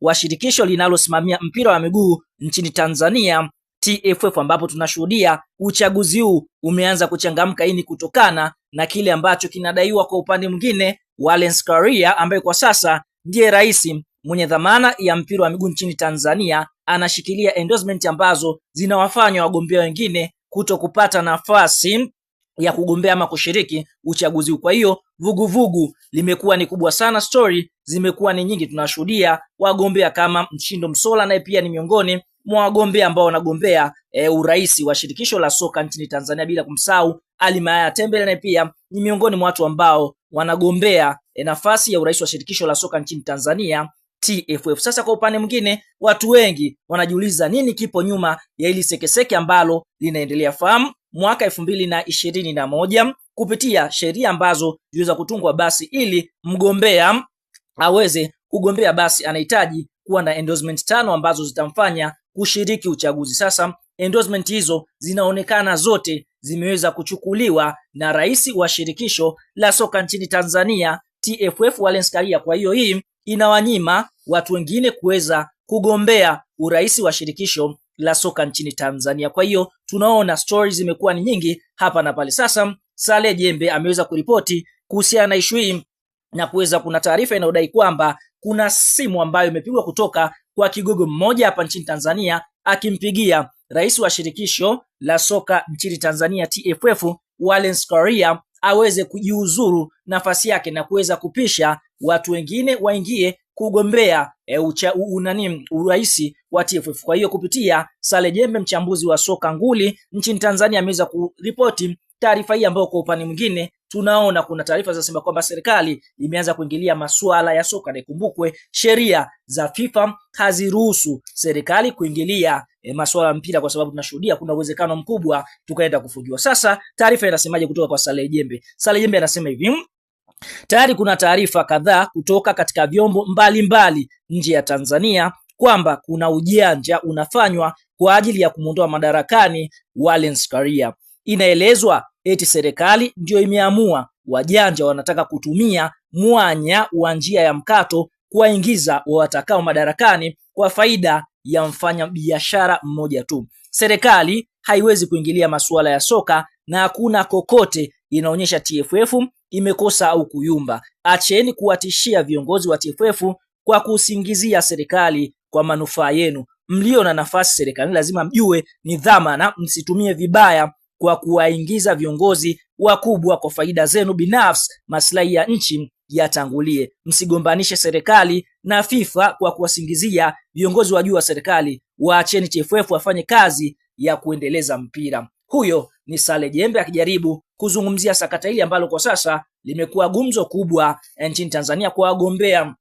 wa shirikisho linalosimamia mpira wa miguu nchini Tanzania TFF, ambapo tunashuhudia uchaguzi huu umeanza kuchangamka. Hii ni kutokana na kile ambacho kinadaiwa kwa upande mwingine, Wallace Karia ambaye kwa sasa ndiye rais mwenye dhamana ya mpira wa miguu nchini Tanzania anashikilia endorsement ambazo zinawafanya wagombea wengine kuto kupata nafasi ya kugombea ama kushiriki uchaguzi. Kwa hiyo vuguvugu limekuwa ni kubwa sana, story zimekuwa ni nyingi. Tunashuhudia wagombea kama Mshindo Msola, naye pia ni miongoni mwa wagombea ambao wanagombea e, urais wa shirikisho la soka nchini Tanzania, bila kumsahau Ali Maya Tembele, naye pia ni miongoni mwa watu ambao wanagombea e, nafasi ya urais wa shirikisho la soka nchini Tanzania TFF. Sasa kwa upande mwingine, watu wengi wanajiuliza nini kipo nyuma ya hili sekeseke ambalo linaendelea. Fahamu mwaka elfu mbili na ishirini na moja kupitia sheria ambazo ziliweza kutungwa, basi ili mgombea aweze kugombea, basi anahitaji kuwa na endorsement tano ambazo zitamfanya kushiriki uchaguzi. Sasa endorsement hizo zinaonekana zote zimeweza kuchukuliwa na rais wa shirikisho la soka nchini Tanzania TFF Wallace Karia. Kwa hiyo hii inawanyima watu wengine kuweza kugombea urais wa shirikisho la soka nchini Tanzania. Kwa hiyo tunaona stories zimekuwa ni nyingi hapa na pale. Sasa Sale Jembe ameweza kuripoti kuhusiana na ishu hii na kuweza, kuna taarifa inayodai kwamba kuna simu ambayo imepigwa kutoka kwa kigogo mmoja hapa nchini Tanzania akimpigia rais wa shirikisho la soka nchini Tanzania TFF Wallace Karia aweze kujiuzuru nafasi yake na kuweza kupisha watu wengine waingie kugombea e, ucha, u, unani uraisi wa TFF. Kwa hiyo kupitia Sale Jembe, mchambuzi wa soka nguli nchini Tanzania, ameweza kuripoti taarifa hii ambayo kwa upande mwingine tunaona kuna taarifa zinasema kwamba serikali imeanza kuingilia masuala ya soka, na ikumbukwe sheria za FIFA haziruhusu serikali kuingilia e, masuala ya mpira, kwa sababu tunashuhudia kuna uwezekano mkubwa tukaenda kufujiwa. Sasa taarifa inasemaje kutoka kwa Sale Jembe? Sale Jembe anasema hivi Tayari kuna taarifa kadhaa kutoka katika vyombo mbalimbali nje ya Tanzania kwamba kuna ujanja unafanywa kwa ajili ya kumwondoa madarakani Wallace Karia. Inaelezwa eti serikali ndiyo imeamua, wajanja wanataka kutumia mwanya wa njia ya mkato kuwaingiza wawatakao madarakani kwa faida ya mfanya biashara mmoja tu. Serikali haiwezi kuingilia masuala ya soka na hakuna kokote inaonyesha TFF imekosa au kuyumba. Acheni kuwatishia viongozi wa TFF kwa kusingizia serikali kwa manufaa yenu. Mlio na nafasi serikalini lazima mjue ni na msitumie vibaya kwa kuwaingiza viongozi wakubwa kwa faida zenu binafsi. Maslahi ya nchi yatangulie. Msigombanishe serikali na FIFA kwa kuwasingizia viongozi wa juu wa serikali. Waacheni TFF wafanye kazi ya kuendeleza mpira. Huyo ni Sale Jembe akijaribu kuzungumzia sakata hili ambalo kwa sasa limekuwa gumzo kubwa eh, nchini Tanzania kwa wagombea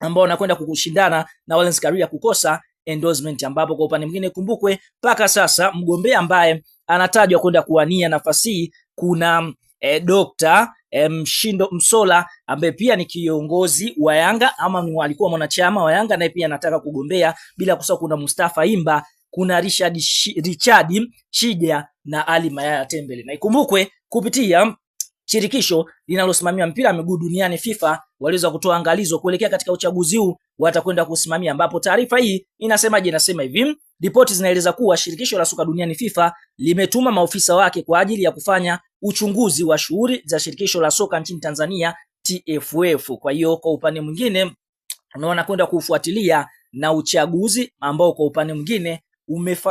ambao wanakwenda kushindana na Wallace Karia kukosa endorsement, ambapo kwa upande mwingine kumbukwe, mpaka sasa mgombea ambaye anatajwa kwenda kuwania nafasi hii kuna e, Dr. e, Mshindo Msola ambaye pia ni kiongozi wa Yanga ama alikuwa mwanachama wa Yanga, naye pia anataka kugombea, bila kusahau kuna Mustafa Imba, kuna Richard Richard Shija na Ali Mayaya Tembele, na ikumbukwe kupitia shirikisho linalosimamia mpira wa miguu duniani FIFA waliweza kutoa angalizo kuelekea katika uchaguzi huu watakwenda kusimamia, ambapo taarifa hii inasemaje? Inasema hivi, ripoti zinaeleza kuwa shirikisho la soka duniani FIFA limetuma maofisa wake kwa ajili ya kufanya uchunguzi wa shughuli za shirikisho la soka nchini Tanzania TFF. Kwa hiyo kwa upande mwingine unaona kwenda kufuatilia na uchaguzi ambao kwa upande mwingine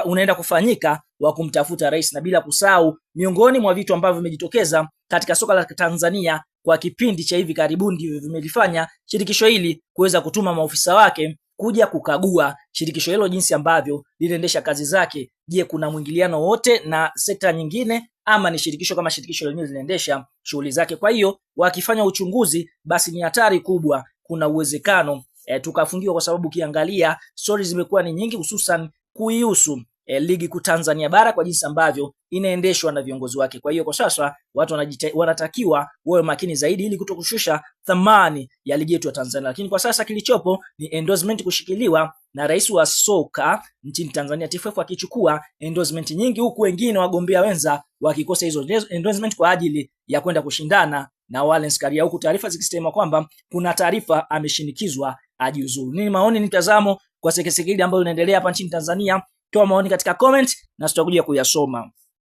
unaenda kufanyika wa kumtafuta rais, na bila kusahau miongoni mwa vitu ambavyo vimejitokeza katika soka la Tanzania kwa kipindi cha hivi karibuni ndivyo vimelifanya shirikisho hili kuweza kutuma maofisa wake kuja kukagua shirikisho hilo jinsi ambavyo linaendesha kazi zake. Je, kuna mwingiliano wote na sekta nyingine ama ni shirikisho kama shirikisho lenyewe linaendesha shughuli zake? Kwa hiyo wakifanya uchunguzi, basi ni hatari kubwa, kuna uwezekano e, tukafungiwa, kwa sababu ukiangalia stories zimekuwa ni nyingi, hususan kuihusu eh, ligi kuu Tanzania bara kwa jinsi ambavyo inaendeshwa na viongozi wake. Kwa hiyo kwa sasa watu wanajita, wanatakiwa wawe makini zaidi ili kuto kushusha thamani ya ligi yetu ya Tanzania, lakini kwa sasa kilichopo ni endorsement kushikiliwa na rais wa soka nchini Tanzania TFF akichukua endorsement nyingi, huku wengine wagombea wenza wakikosa hizo endorsement kwa ajili ya kwenda kushindana na Wallace Karia, huku taarifa zikisema kwamba kuna taarifa ameshinikizwa ajiuzuru. Nini maoni, ni mtazamo kwa sekesekili ambayo inaendelea hapa nchini Tanzania toa maoni katika comment na tutakuja kuyasoma.